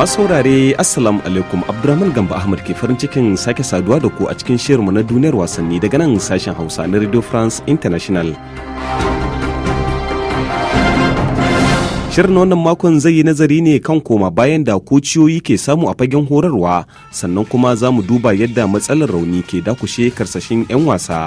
Masu saurare Assalamu alaikum abdulrahman Gamba Ahmad ke farin cikin sake saduwa da ku a cikin shirinmu na duniyar wasanni daga nan sashen Hausa na Radio France International. Shirin wannan makon zai yi nazari ne kan koma bayan da kociyoyi ke samu a fagen horarwa sannan kuma za mu duba yadda matsalar rauni ke dakushe karsashin 'yan wasa.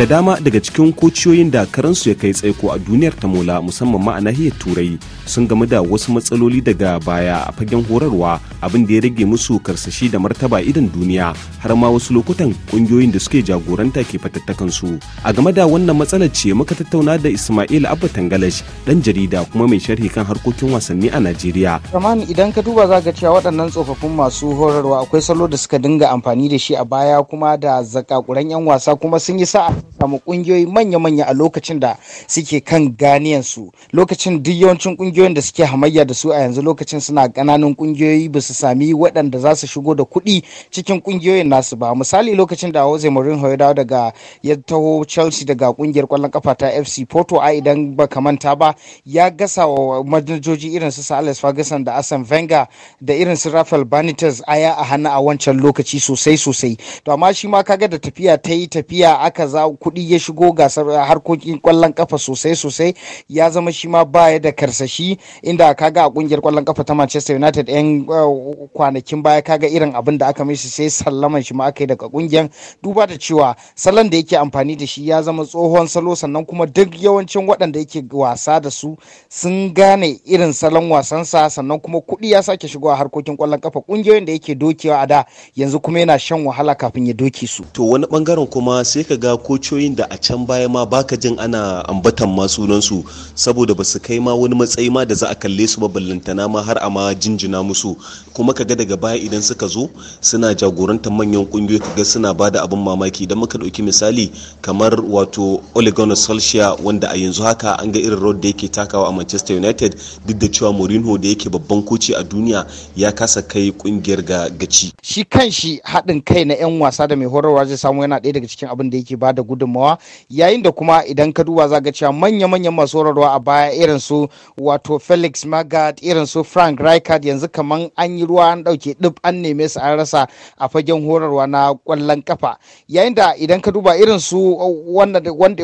da dama daga cikin kociyoyin da karansu ya kai tsaiko a duniyar ta mola musamman ma a nahiyar turai sun gamu da wasu matsaloli daga baya a fagen horarwa abin da ya rage musu karsashi da martaba idan duniya har ma wasu lokutan kungiyoyin da suke jagoranta ke fatattakan su a game da wannan matsalar ce muka tattauna da ismail abba tangalash dan jarida kuma mai sharhi kan harkokin wasanni a najeriya ramani idan ka duba za ka cewa waɗannan tsofaffin masu horarwa akwai salo da suka dinga amfani da shi a baya kuma da zakakuran yan wasa kuma sun yi sa'a samu kungiyoyi manya-manya a lokacin da suke kan ganiyansu lokacin duk yawancin kungiyoyin da suke hamayya da su a yanzu lokacin suna ƙananan kungiyoyi ba su sami waɗanda za su shigo da kuɗi cikin kungiyoyin nasu ba misali lokacin da Jose Mourinho ya dawo daga ya taho Chelsea daga kungiyar ƙwallon kafa ta FC Porto a idan ba manta ba ya gasa wa manajoji irin su Alex Ferguson da Arsene Wenger da irin su Rafael Benitez aya a hannu a wancan lokaci sosai sosai to amma shi ma kaga da tafiya ta yi tafiya aka za kuɗi ya shigo gasar harkokin kwallon kafa sosai sosai ya zama shi ma baya da karsashi inda kaga a kungiyar kwallon kafa ta Manchester United yan uh, kwanakin baya kaga irin abin da aka mishi sai sallaman shi ma aka yi daga kungiyar duba da cewa salon da yake amfani da shi ya zama tsohon salo sannan kuma duk yawancin waɗanda yake wasa da su sun gane irin salon wasansa sannan kuma kuɗi ya sake shigo a harkokin kwallon kafa kungiyoyin da yake dokewa a da yanzu kuma yana shan wahala kafin ya doke su to wani bangaren kuma sai ka ga ko kocoyin da a can baya ma baka jin ana ambatan ma sunansu saboda ba su kai ma wani matsayi ma da za a kalle su ba ballantana ma har a ma jinjina musu kuma kaga daga baya idan suka zo suna jagorantar manyan kungiyoyi kaga suna bada abin mamaki idan muka dauki misali kamar wato Ole Solskjaer wanda a yanzu haka an ga irin road da yake takawa a Manchester United duk da cewa Mourinho da yake babban koci a duniya ya kasa kai kungiyar ga gaci shi kanshi haɗin kai na 'yan wasa da mai horarwa zai samu yana ɗaya daga cikin abin da yake bada gudunmawa yayin da kuma idan ka duba za ga cewa manya-manyan masu horarwa a baya irin su wato felix magath irin su frank rijkaard yanzu kaman an yi ruwa an dauke dub an neme su an rasa a fagen horarwa na kwallon kafa yayin da idan ka duba irin su uh, wanda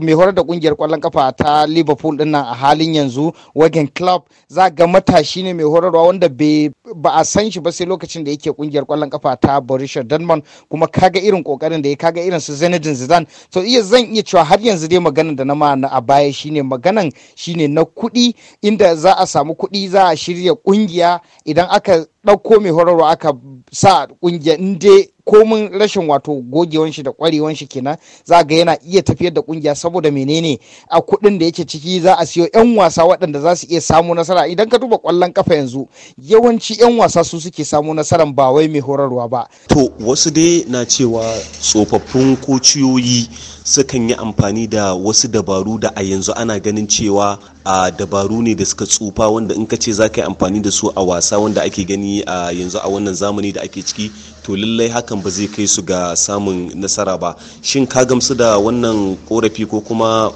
mai horar da kungiyar kwallon kafa ta liverpool din nan a halin yanzu wagen club za ga matashi ne mai horarwa wanda ba a san shi ba sai lokacin da yake kungiyar kwallon kafa ta borussia dortmund kuma kaga irin kokarin da ya kaga irin su zinedine zidane to iya zan iya cewa har yanzu dai maganan da na ma a baya shine maganan shine na kuɗi inda za a samu kuɗi za a shirya ƙungiya idan aka ɗauko mai horarwa aka sa ƙungiya inda komin rashin wato gogewan shi da kwarewan shi kenan za ga yana iya tafiyar da kungiya saboda menene a kuɗin da yake ciki za a siyo yan wasa waɗanda za su iya samu nasara idan ka duba kwallon kafa yanzu yawanci yan wasa su suke samu nasaran ba wai mai horarwa ba to wasu dai na cewa tsofaffin kociyoyi sukan yi amfani da wasu dabaru da a yanzu ana ganin cewa a dabaru ne da suka tsufa wanda in ka ce za ka yi amfani da su a wasa wanda ake gani a yanzu a wannan zamani da ake ciki to lallai hakan ba zai kai su ga samun nasara ba shin ka gamsu da wannan korafi ko kuma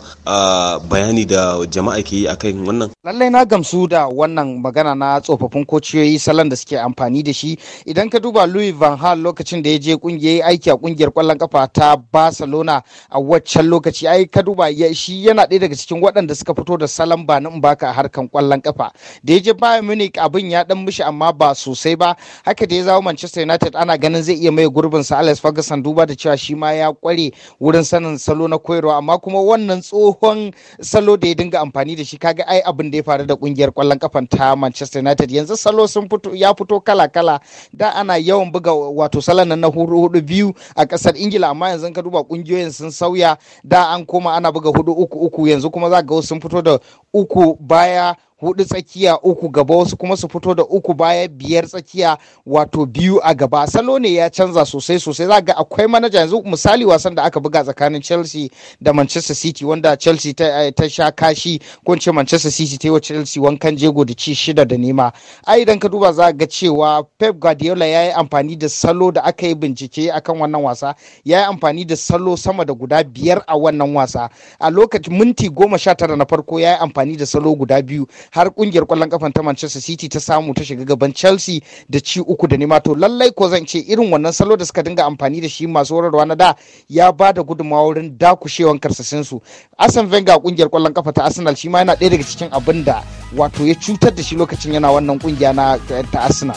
bayani da jama'a ke yi akan wannan lallai na gamsu da wannan magana na tsofaffin kociyoyi salon da suke amfani da shi idan ka duba louis van hal lokacin da ya je kungiyar aiki a kungiyar kwallon kafa ta barcelona a waccan lokaci ai ka duba shi yana ɗaya daga cikin waɗanda suka fito da salon lamba na baka a harkan kwallon kafa da ya je Bayern Munich abin ya dan mishi amma ba sosai ba haka da ya zama Manchester United ana ganin zai iya mai gurbin sa Alex Ferguson duba da cewa shi ma ya kware wurin sanin salo na koyarwa amma kuma wannan tsohon salo da ya dinga amfani da shi kaga ai abin da ya faru da kungiyar kwallon kafan ta Manchester United yanzu salo sun fito ya fito kala kala da ana yawan buga wato salon na hudu biyu a kasar Ingila amma yanzu ka duba kungiyoyin sun sauya da an koma ana buga hudu uku uku yanzu kuma za ga sun fito da uku baya hudu tsakiya uku gaba wasu kuma su fito da uku baya biyar tsakiya wato biyu a gaba salo ne ya canza sosai sosai za ga akwai manaja yanzu misali wasan da aka buga tsakanin Chelsea da Manchester City wanda Chelsea ta, eh, sha kashi ko ce Manchester City ta yi wa Chelsea wankan jego da ci shida da nema ai idan ka duba za ga cewa Pep Guardiola ya yi amfani da salo da aka yi bincike akan wannan wasa ya yi amfani da salo sama da guda biyar a wannan wasa a lokacin minti goma sha tara na farko ya yi amfani da salo guda biyu har kungiyar kwallon kafan ta Manchester City ta samu ta shiga gaban Chelsea da ci uku da nema to lallai ko zan ce irin wannan salo da suka dinga amfani da shi masu horarwa na da ya ba da gudunmawa wurin dakushewan karsasin su Arsene Wenger kungiyar kwallon kafa ta Arsenal shi ma yana ɗaya daga cikin abin da wato ya cutar da shi lokacin yana wannan kungiya na ta Arsenal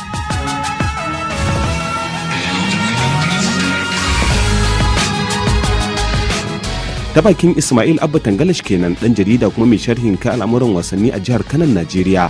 ta bakin ismail abba tangalish kenan dan jarida kuma mai sharhin ka al'amuran wasanni a jihar kanan najeriya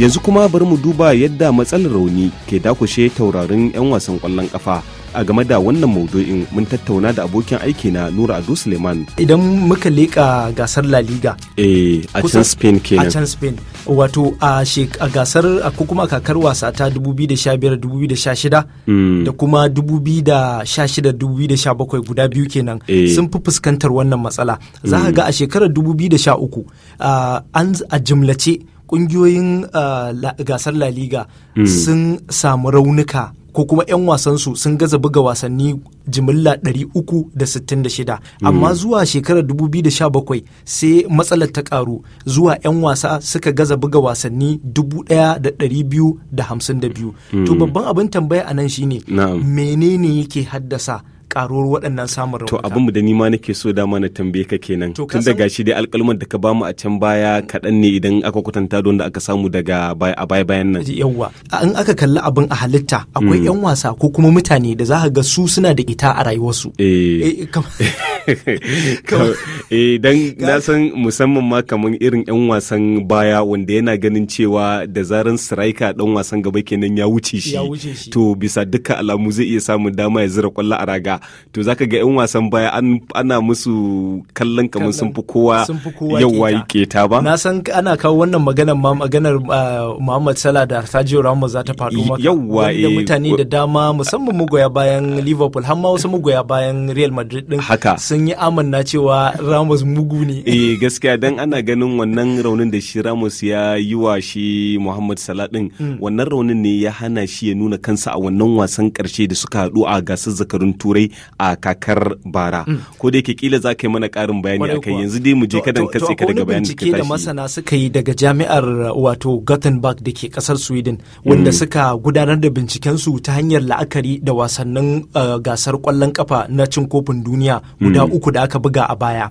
yanzu kuma bari mu duba yadda matsalar rauni ke dakushe taurarin 'yan wasan kwallon kafa a game da wannan maudu'in mun tattauna da abokin aiki na Nura Ado Suleiman. Idan muka leƙa gasar La Liga. Eh, a can Spain kenan. A can Spain. Wato a gasar ko kuma kakar wasa ta 2015-2016 hmm. da kuma 2016-2017 guda biyu kenan eh. sun fi fuskantar wannan matsala. Za hmm. ga a shekarar 2013 a jimlace kungiyoyin ah, gasar La Liga hmm. sun samu raunuka ko kuma 'yan wasansu sun gaza buga wasanni jimilla 366 hmm. amma zuwa shekarar 2017 sai matsalar ta karu zuwa 'yan wasa suka gaza buga wasanni 1252 hmm. to babban abin tambaya a nan shine menene yake haddasa karuwar waɗannan samun rahoton. To abin mu da nima nake so dama na tambaye ka kenan. Tun da gashi dai alƙalman da ka bamu a can baya kaɗan ne idan aka kwatanta da wanda aka samu daga a baya bayan nan. Yawwa in aka kalli abin a halitta akwai 'yan mm. wasa ko kuma mutane da za ka ga su suna da ita a rayuwarsu. Eh. eh, eh dan na san musamman ma kamar irin 'yan wasan baya wanda yana ganin cewa da zaran siraika dan wasan gaba kenan ya wuce shi to bisa dukkan alamu zai iya samun dama ya zira kwallo a raga to zaka ga yan wasan baya ana musu kallon kamar sun fi kowa yawa yi keta ba na san ana kawo wannan maganar ma maganar ah, Muhammad Salah da Sergio Ramos za ta faɗo maka yawa da eh, mutane da dama musamman mugoya bayan Liverpool har ma wasu mugoya bayan Real Madrid din haka sun yi amanna cewa Ramos mugu ne eh gaskiya dan ana ganin wannan raunin da shi Ramos ya yi wa shi Muhammad Salah din hmm. wannan raunin ne ya hana shi ya nuna kansa a wannan wasan karshe da suka haɗu a gasar zakarun turai a kakar bara mm. ko da yake kila za ka yi mana karin bayani kai yanzu dai mu je kadan katse ka daga bayanin ka da masana suka yi daga jami'ar wato Gothenburg da ke kasar Sweden wanda mm. suka gudanar da binciken su ta hanyar la'akari da wasannin eh, gasar kwallon kafa na cin kofin duniya guda mm. uku da aka buga a baya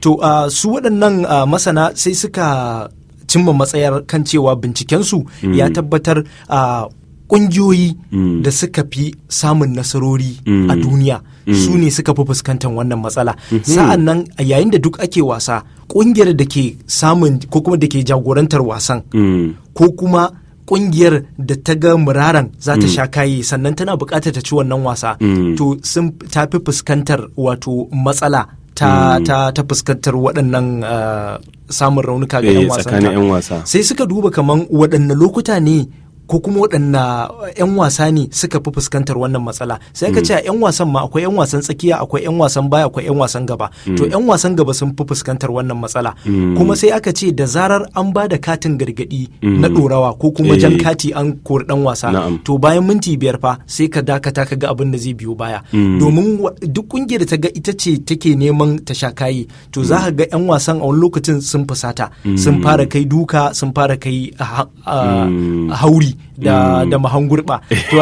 to eh, su waɗannan eh, masana sai suka cimma matsayar kan cewa bincikensu ya tabbatar a ƙungiyoyi mm. da suka fi samun nasarori mm. a duniya mm. su ne suka fi fuskantar wannan matsala mm-hmm. sa'an nan yayin da duk ake wasa ƙungiyar da ke samun ko kuma da ke jagorantar wasan ko kuma ƙungiyar da ta ga muraran za ta sha kaye sannan tana bukatar ta ci wannan wasa to sun tafi fuskantar wato matsala ta ta fuskantar waɗannan ah, samun raunuka ga 'yan eh, wasa sai suka duba kaman waɗanne lokuta ne ko kuma waɗanna 'yan wasa ne suka fi fuskantar wannan matsala sai ka mm. ce a 'yan wasan ma akwai 'yan wasan tsakiya akwai 'yan wasan baya akwai 'yan wasan gaba mm. to 'yan wasan gaba sun fi fuskantar wannan matsala mm. kuma sai aka ce da zarar an ba da katin gargadi na ɗorawa ko kuma jan eh. kati an kori ɗan wasa to bayan minti biyar fa sai ka dakata ka ga abin da zai biyo baya domin duk ƙungiyar ta ga ita ce take neman ta sha kayi to za ka ga 'yan wasan a wani lokacin sun fusata sun fara kai duka sun fara kai hauri da mm. da mahangurba to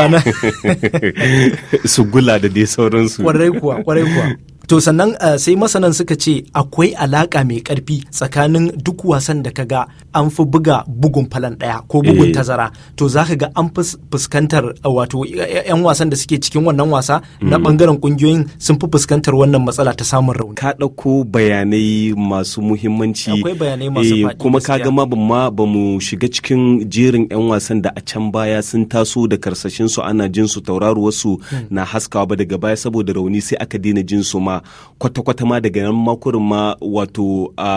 su gula da dai sauransu kwarai kuwa kwarai kuwa To sannan uh, sai masanan suka ce akwai alaka mai ƙarfi tsakanin duk wasan da ka ga an fi buga bugun falan ɗaya ko bugun eh. tazara. To za ka ga an fuskantar eh, wato 'yan wasan da suke cikin wannan wasa na bangaren mm. ƙungiyoyin sun fi fuskantar wannan matsala ta samun rauni. Ka ɗauko bayanai masu muhimmanci. Akwai bayanai masu e, Kuma ka ga ma ba mu shiga cikin jerin 'yan wasan da a can baya sun taso da karsashin su ana jinsu su hmm. na haskawa ba daga baya saboda rauni sai aka daina jin su ma kwata-kwata ma daga nan makurin ma wato a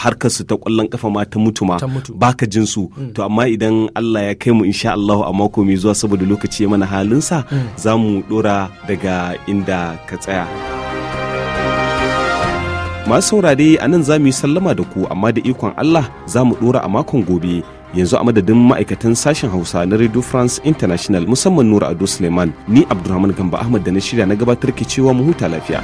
harkar su ta kwallon kafa ma ta mutu ma baka jin su mm. to amma idan Allah ya kai mu insha Allah a mako mai zuwa saboda lokaci ya mana halinsa mm. za mu dora daga inda ka tsaya. masu saurare a nan za mu yi sallama da ku amma da ikon Allah za mu ɗora a makon gobe yanzu a madadin ma'aikatan sashen hausa na radio france international musamman nura ado suleiman ni abdulrahman gamba ahmad da na shirya na gabatar ke cewa mu huta lafiya.